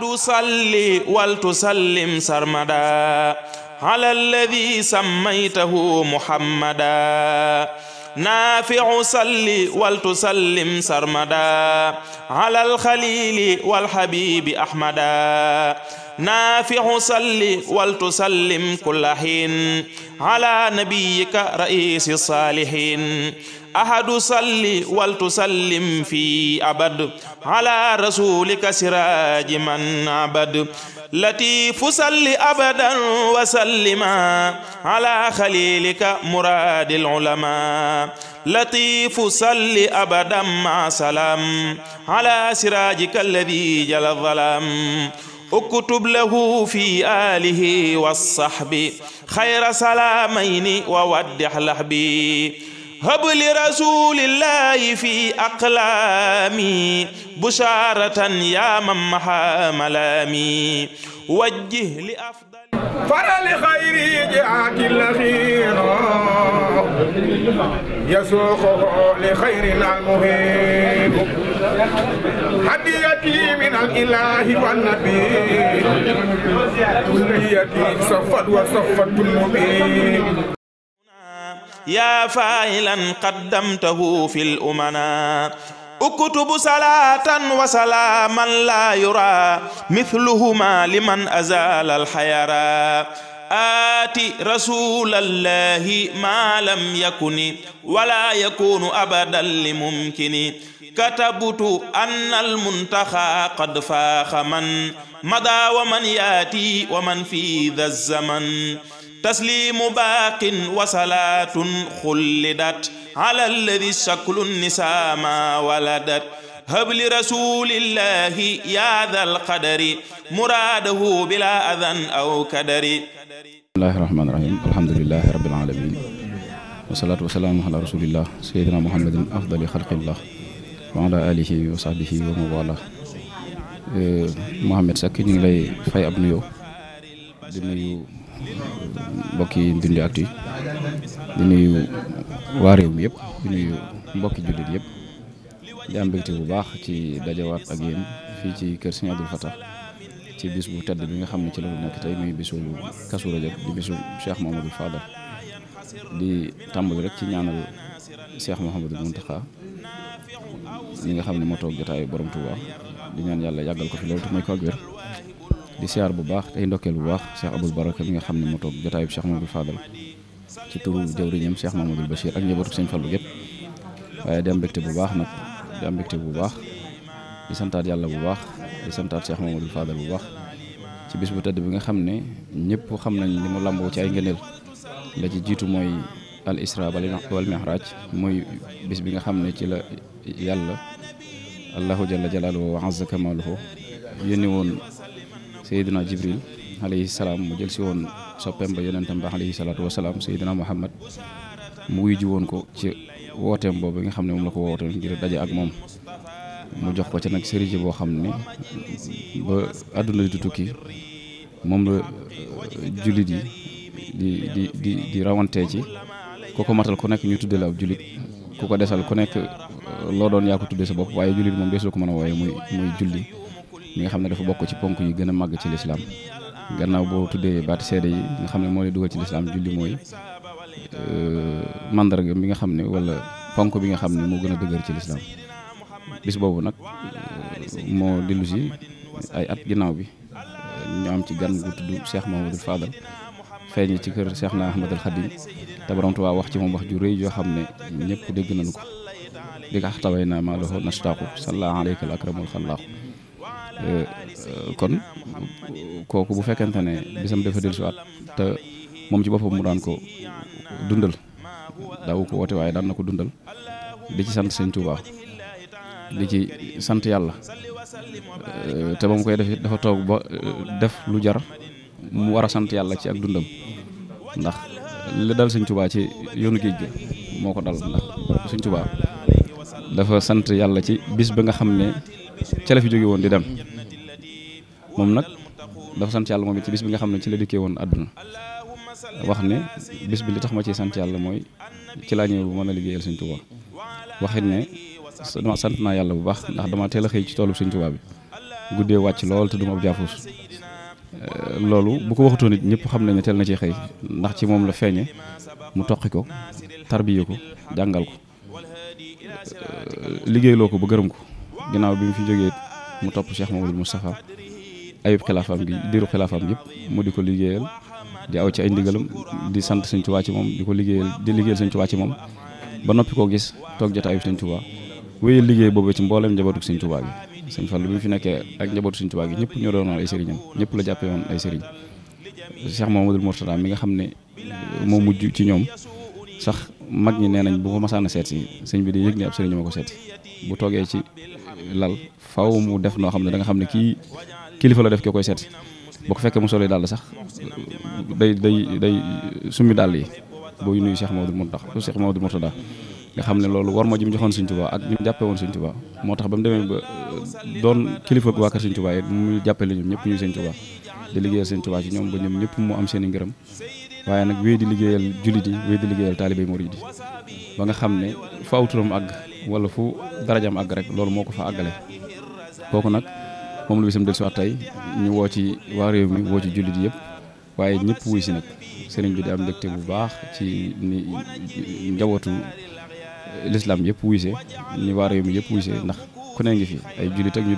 du salli wal tusallim sarmada ala alladi sammaytahu muhammada naafiu salli wal tusallim sarmada ala alxalili walhabibi ahmada naafiu salli wal tusallim kulla hin ala nabiyika raisi salihin ahadu salli wal tusallim fi abad ala rasulika siraji man abad latifu salli abadan wa sallima ala khalilika muradil ulama latifu salli abadan ma salam ala sirajika alladhi jalla dhalam اكتب له في آله والصحب خير سلامين وودح لحبي هب لرسول الله في أقلامي بشارة يا من محى ملامي وجه لأفضل فرل خيري جاك الأخير يسوقه لخيرنا المهيب هديتي من الإله والنبي كليتي صفت وصفت المبين يا فاعلا قدمته في الأمنا اكتب صلاة وسلاما لا يرى مثلهما لمن أزال الحيرى آتي رسول الله ما لم يكن ولا يكون أبدا لممكن كتبت أن المنتخى قد فاخ من مضى ومن يأتي ومن في ذا الزمن tasliimu baaqin wa salaatun xullidat ala alladi shaklu nisaama waladat habli rasulillahi ya dal qadari muraadahu bila adan aw kadari bismillahi rahmaani rahim alhamdulilahi rabbil alamin wasalaatu wasalaamu ala rasulillah sayyidina muhammadin afdali xalqillah wa ala alihi wa sahbihi wa mawala Mouhamed Seck ñu ngi lay fay ab nuyoo di nuyu mbokki Ndindy Actu di nuyu waa réew mi yëpp di nuyu mbokki jullit yëpp di am mbégte bu baax ci dajawaat ak yéen fii ci kër Serigne Abdou ci bis bu tedd bi nga xam ne ci la nekk tey muy bisu Kazu Rajab di bisu Cheikh Mamadou Fadal di tàmbali rek ci ñaanal Cheikh Mouhamadou Mountakha ñi nga xam ne moo toog jotaayu borom Touba di ñaan yàlla yàggal ko fi loolu te may ko ak wér di siyaar bu baax tey ndokkeel bu baax Cheikh Abul Baraka mi nga xam ne moo toog jotaayu Cheikh Mamadou Fadal ci turu jawriñam Cheikh Mamadou Bachir ak njabootu Sëñ Fallu gépp waaye di am bu baax nag di am bu baax di santaat yàlla bu baax di santaat Cheikh Mamadou Fadal bu baax ci bis bu tëdd bi nga xam ne ñëpp xam nañ li mu làmboo ci ay ngëneel la ci jiitu mooy al isra wal mi'raj mooy bis bi nga xam ne ci la yàlla allahu jalla jalaaluhu wa azza kamaaluhu yónni woon Seydina Jibril alayhi salaam mu jël si woon soppeem ba yonentam ba alayhi salaatu wa salaam Seydina Muhammad mu wuy ji woon ko ci wooteem boobu nga xam ne moom la ko woote ngir daje ak moom mu jox ko ci nag sëriñ boo xam ne ba àdduna di tukki moom la euh, jullit yi di di di di rawantee ci ku ko matal ku nekk ñu tuddee la ab jullit ku ko desal ku nekk euh, loo doon yaa ko tuddee sa bopp waaye jullit moom desul ko mën a wooye muy muy julli mi nga xam ne dafa bokk ci ponk yu gën a màgg ci lislaam gannaaw boo tuddee baati seede yi nga xam ne moo lay dugal ci lislaam julli mooy euh, mandarga mi nga xam ne walla ponk bi nga xam ne moo gën a dëgër ci lislaam bis boobu nag euh, moo dellu ay at ginnaaw bi euh, ñu am ci gan gu tudd Cheikh Mahamadul Fadal feeñ ci kër Cheikh na Ahmadul Khadim te borom Tuubaa wax ci moom wax ju rëy joo xam ne ñëpp dégg nañ ko di ko axtaway naa maa loxo nastaaqu salla alayka al akramul kon kooku bu fekkente ne bisam dafa dellusiwaat te moom ci boppam mu daan ko dundal daawu ko woote waaye daan na ko dundal di ci sant sëñ Tuubaa di ci sant yàlla te ba mu koy def dafa toog ba def lu jar mu war a sant yàlla ci ak dundam ndax li dal sëñ Tuubaa ci yoonu géej moo ko dal ndax sëñ dafa sant yàlla ci bis ba nga xam ne ca fi jóge woon di dem moom nag dafa sant yàlla moom it ci bis bi nga xam ne ci la dikkee woon àdduna wax ne bis bi li tax ma ciy sant yàlla mooy ci laa ñëw bu mën a liggéeyal Sëñ Tuubaa waxit ne dama sant naa yàlla bu baax ndax dama teel a xëy ci toolu Sëñ Tuubaa bi guddee wàcc lool te duma ab jaafuus euh, loolu bu ko waxatoon nit ñëpp xam nañ ne teel na ciy xëy ndax ci moom la feeñe mu toqi ko tarbiye ko jàngal ko euh, liggéeyloo ko ba gërëm ko ginnaaw bi mu fi jógee mu topp Cheikh Mamadou Moustapha ayub xilaafaam gi diiru yëpp mu di ko liggéeyal di aw ci ay ndigalam di sant Sëñ Tuubaa ci moom di ko liggéeyal di liggéeyal Sëñ Tuubaa ci moom ba noppi koo gis toog jot Sëñ Tuubaa wéyal liggéey boobu ci mbooleem njabootu Sëñ Tuubaa gi Sëñ Fallu bi mu fi nekkee ak njabootu Sëñ Tuubaa gi ñëpp ñoo doonoon ay sëriñam ñëpp la jàppee woon ay sëriñ Cheikh Mamadou Mourtada mi nga xam ne uh, moo mujj ci ñoom sax mag ñi nee nañ bu ko masaan seet si sëñ bi di yëg ne ab sëriñ ko seet bu toogee ci lal faw mu def noo xam ne da xam ne kii kilifa la def ki koy seet si boo ko fekkee mu solo daal sax day day day summi dàll yi booy nuyu Cheikh Maodo Mourtada Cheikh Maodo Mourtada nga xam ne loolu war ma ji mu joxoon Sëñ Tuubaa ak ñu jàppee woon Sëñ Tuubaa moo tax ba mu demee euh, doon kilifa waa kër Sëñ Tuubaa yi mu jàppale ñoom ñëpp ñu Sëñ Tuubaa di liggéeyal Sëñ Tuubaa ci ñoom ba ñoom ñëpp mu am seen i ngërëm waaye nag wéy di liggéeyal jullit yi wéy di liggéeyal taalibe murid yi ba nga xam ne fu aw àgg wala fu darajam àgg rek loolu moo ko fa àggale kooku moom la bisam del siwaat tey ñu woo ci waa réew mi woo ci jullit yëpp waaye ñëpp wuy si nag sëriñ bi di am te bu baax ci ni njabootu lislaam yëpp wuy see ni réew mi yëpp wuy ndax ku ngi fi ay jullit ak ñu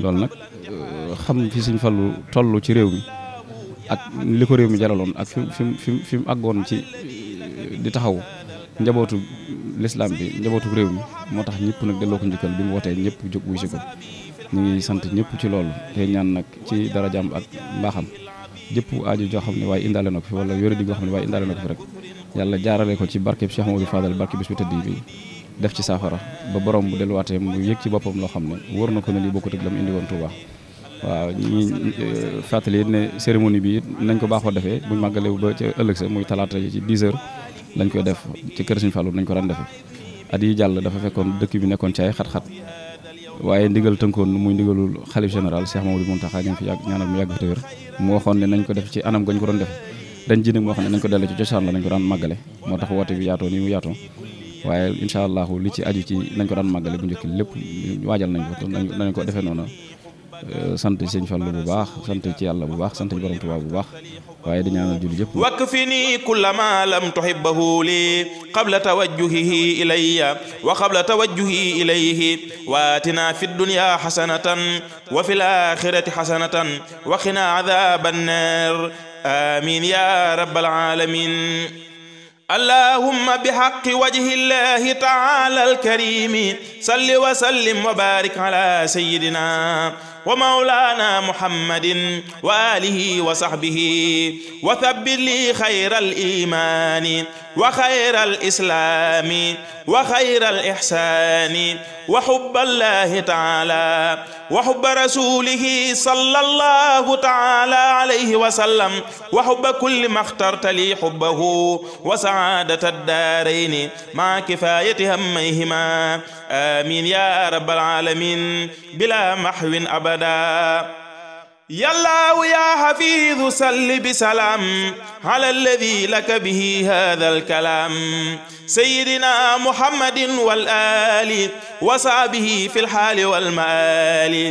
loolu nag euh, xam fi Sëriñ Fallu toll ci réew mi ak li ko réew mi jaraloon ak fi fi mu àggoon ci euh, di taxaw njabootu lislaam bi njabootu réew mi moo tax ñëpp nag delloo ko njukkal bi mu wootee ñëpp jóg wuy ko ñu ngi sant ñëpp ci loolu te ñaan nag ci dara jàmm ak mbaaxam jëpp aaju jox xam ne waaye indaale na ko fi wala yore di goo xam ne waaye indaale na ko fi rek yàlla jaarale ko ci barkeb Cheikh Modou Fadal barke bis bi tëdd bi def ci saafara ba borom bu delluwaatee mu yëg ci boppam loo xam ne wóor na ko ne lii bokkut ak la mu indi woon Touba waaw ñi euh, fàttali ne cérémonie bi nañ ko baaxoo defee buñ màggalee ba ca ëllëg sa muy talaata yi ci 10 heures lañ koy def ci kër Serigne Fallou nañ ko daan defee at yi jàll dafa fekkoon dëkk bi nekkoon ci ay xat waaye ndigal tënkoon muy ndigalul xalif général Cheikh Mamadou Mountakha ñu fi yàgg ñaanal mu yàgg fi mu waxoon ne nañ ko def ci anam gañ ko doon def dañ ji nag moo xam ne nañ ko dellu ci cosaan la nañ ko daan màggale moo tax woote bi yaatoo nii mu yaatoo waaye incha allahu li ci aju ci nañ ko daan màggale bu njëkk lépp waajal nañ ko nañ ko defee noonu Euh, sant sëñ Fallu bu baax sant ci yàlla bu baax sant ci borom Tuubaa bu baax waaye di ñaanal julli yëpp wakfini kulla ma lam tuhibbahu li qabla tawajjuhihi ilayya wa qabla tawajjuhi ilayhi waatina fi dunya hasanatan wa fil akhirati hasanatan wa qina adhaban nar amin ya rabbal alamin اللهم بحق وجه الله تعالى الكريم صل وسلم وبارك على سيدنا wa mawlaana muhammadin wa alihi wa sahbihi wa thabbit li xayral iimaani wa xayral islaami wa xayral ihsaani wa xubballaahi taala wa xubba rasuulihi sallallahu taala alayhi wa sallam wa xubba kulli maxtarta li xubbahu wa saadata daarayni maa kifaayati hammayhimaa amiin yaa rabbal aalamiin bilaa maxwin abadaa yàllaawu yaa xafiidu salli bi salaam ala alladi laka bihi hada alkalaam sayidina muhammadin wal aali wa saabihi fi lxaali wal maali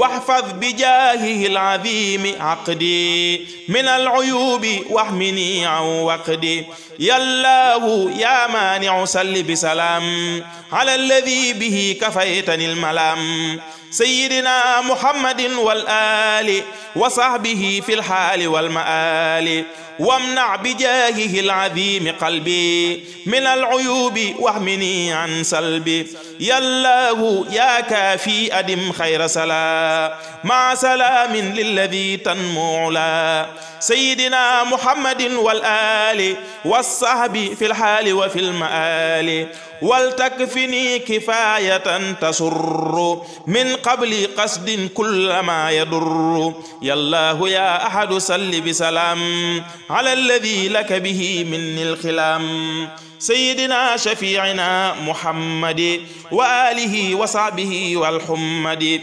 waxfad bi jaahihi alcadiimi aqdi min alcuyuubi waxmini an waqdi yàllaahu yaa maanicu salli bi salaam ala alladi bihi kafaytani almalaam sayyidina muhammadin wal aali wa sahbihi fil haali wal maali wamna bi jaahihi al-aziimi qalbi min al-uyuubi wahmini an salbi yallaahu yaa kaafi adim xayra salaa maa salaamin lillazii tanmu ulaa sayyidina muhammadin wal aali wa sahbihi fil haali wa fil maali ولتكفني كفاية تسر من قبل قصد كل ما يضر يا الله يا أحد صل بسلام على الذي لك به مني الخلام سيدنا شفيعنا محمد وآله وصحبه والحمد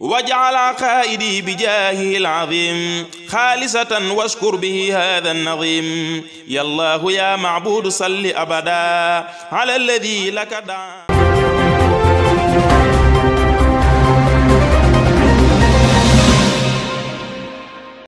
واجعل عقائدي بجاهه العظيم خالصة واشكر به هذا النظيم يا الله يا معبود صل أبدا على الذي لك دعا